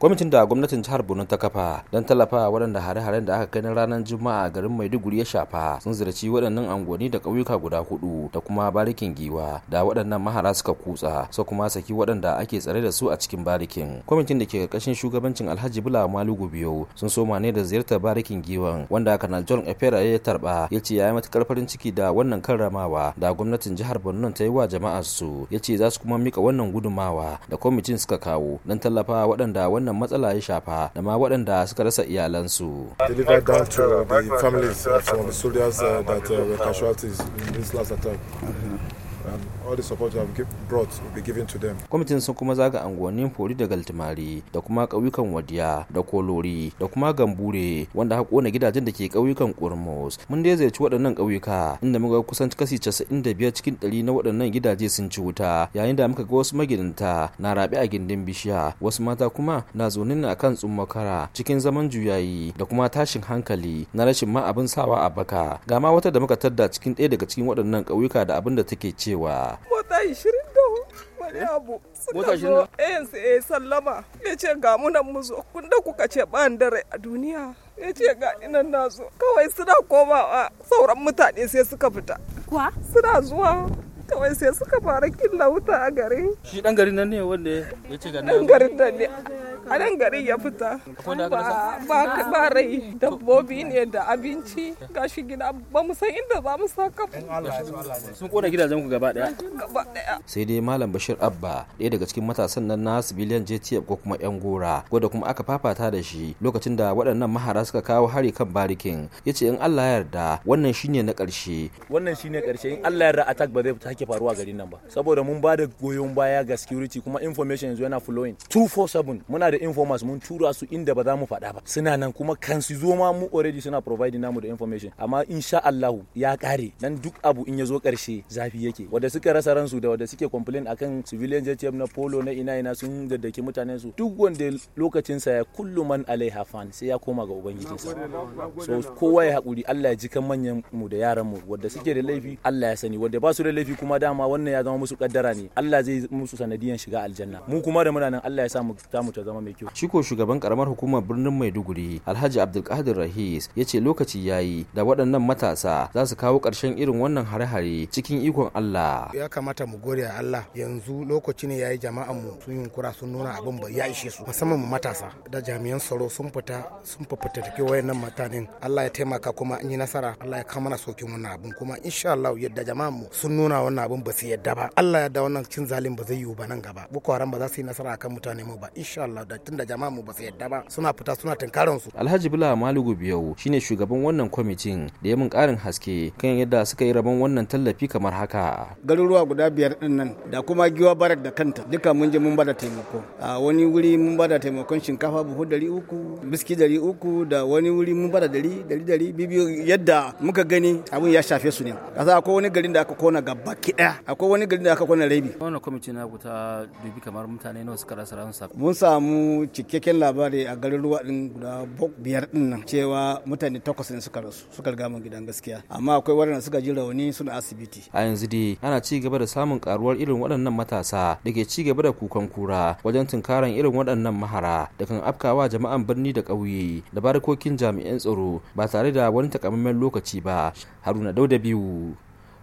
kwamitin da gwamnatin jihar borno ta kafa don tallafa waɗanda hare-haren da aka kai na ranar juma'a a garin maiduguri ya shafa sun ziyarci waɗannan angoni da ƙauyuka guda hudu da kuma barikin giwa da waɗannan mahara suka kutsa su kuma saki waɗanda ake tsare da su a cikin barikin kwamitin da ke ƙarƙashin shugabancin alhaji bula malugu biyu sun soma ne da ziyartar barikin giwan wanda kanal john efera ya tarba ya ce ya yi matuƙar farin ciki da wannan karramawa da gwamnatin jihar borno ta yi wa jama'a su ya ce za su kuma mika wannan gudumawa da kwamitin suka kawo don tallafa waɗanda wannan wannan matsala ya shafa da ma waɗanda suka rasa iyalansu. Delivered to the and all the support you have brought will be given to them. Kwamitin sun kuma zaga anguwannin Fori da Galtimari da kuma ƙauyukan Wadiya da Kolori da kuma Gambure wanda ha na gidajen da ke ƙauyukan Kurmos. Mun dai ziyarci waɗannan ƙauyuka inda muka kusan kasi biyar cikin ɗari na waɗannan gidaje sun ci wuta yayin da muka ga wasu magidanta na raɓe a gindin bishiya wasu mata kuma na zaune ne akan tsummakara cikin zaman juyayi da kuma tashin hankali na rashin ma abin sawa a baka. Ga ma wata da muka tadda cikin ɗaya daga cikin waɗannan ƙauyuka da abin da take cewa cewa mota 24 wani eh? abu suka zo ansa eh, eh, sallama ya ce ga munan muzo kun da kuka ce ban dare a duniya ya ce ga inan na zo kawai suna komawa sauran mutane sai suka fita kuwa suna zuwa kawai sai suka fara killa wuta a garin shi dan garin nan ne wanda ya ce ga nan garin nan ne a nan garin ya fita ba rai dabbobi ne da abinci shi gida ba mu san inda za mu kafa. sun kona gidajen ku gaba daya sai dai malam bashir abba ɗaya daga cikin matasan nan na civilian jtf ko kuma yan gora gwada kuma aka fafata da shi lokacin da waɗannan mahara suka kawo hari kan barikin ya ce in allah yarda wannan shine na ƙarshe wannan shine ƙarshe in allah yarda attack ba zai take faruwa garin nan ba saboda mun ba da goyon baya ga security kuma information yanzu yana flowing 247 muna da informers mun tura su inda ba za mu fada ba suna nan kuma kan su zo ma mu already suna providing namu da information amma insha Allah ya kare nan duk abu in ya zo karshe zafi yake wanda suka rasa ransu da wanda suke complain akan civilian JTM na polo na ina ina sun daddake mutanen su duk wanda lokacin sa ya kullu man alaiha fan sai ya koma ga ubangiji so kowa ya hakuri Allah ya ji kan manyan mu da yaran mu wanda suke da laifi Allah ya sani wanda ba su da laifi kuma kuma dama wannan ya zama musu kaddara ne Allah zai musu sanadiyan shiga aljanna mu kuma da muna Allah ya sa mu ta mu ta zama mai kyau shi ko shugaban karamar hukumar birnin Maiduguri Alhaji Abdulkadir Rahis ya ce lokaci yayi da waɗannan matasa za su kawo ƙarshen irin wannan hare-hare cikin ikon Allah ya kamata mu gode Allah yanzu lokaci ne yayi jama'an mu sun yunkura sun nuna abin ba ya ishe su musamman mu matasa da jami'an tsaro sun fita sun take wayannan mutanen Allah ya taimaka kuma in yi nasara Allah ya kama na sokin wannan abin kuma insha Allah yadda jama'an mu sun nuna wannan wannan abin ba su yadda ba Allah ya da wannan cin zalim ba zai yiwu ba nan gaba boko haram ba za su yi nasara akan mutane mu ba insha Allah da tunda jama'a mu ba su yadda ba suna fita suna tunkaran su Alhaji bila Malugu Biyau shine shugaban wannan kwamitin da ya mun karin haske kan yadda suka yi rabon wannan tallafi kamar haka garuruwa guda biyar din nan da kuma giwa barak da kanta duka mun je mun bada taimako a wani wuri mun bada taimakon shinkafa buhu dari uku biski dari uku da wani wuri mun bada dari dari dari bibiyo yadda muka gani abin ya shafe su ne kasa akwai wani garin da aka kona gaba baki daya akwai wani gari da aka kwana rabi wannan kwamiti na ta dubi kamar mutane nawa suka rasa ransa mun samu cikakken labari a garin ruwa din guda biyar din nan cewa mutane takwas ne suka rasu suka riga mun gidan gaskiya amma akwai waɗanda suka ji rauni suna asibiti a yanzu dai ana ci gaba da samun karuwar irin waɗannan matasa da ke ci gaba da kukan kura wajen tunkaran irin waɗannan mahara da kan afkawa jama'an birni da ƙauye da barikokin jami'an tsaro ba tare da wani takamaiman lokaci ba haruna dauda biyu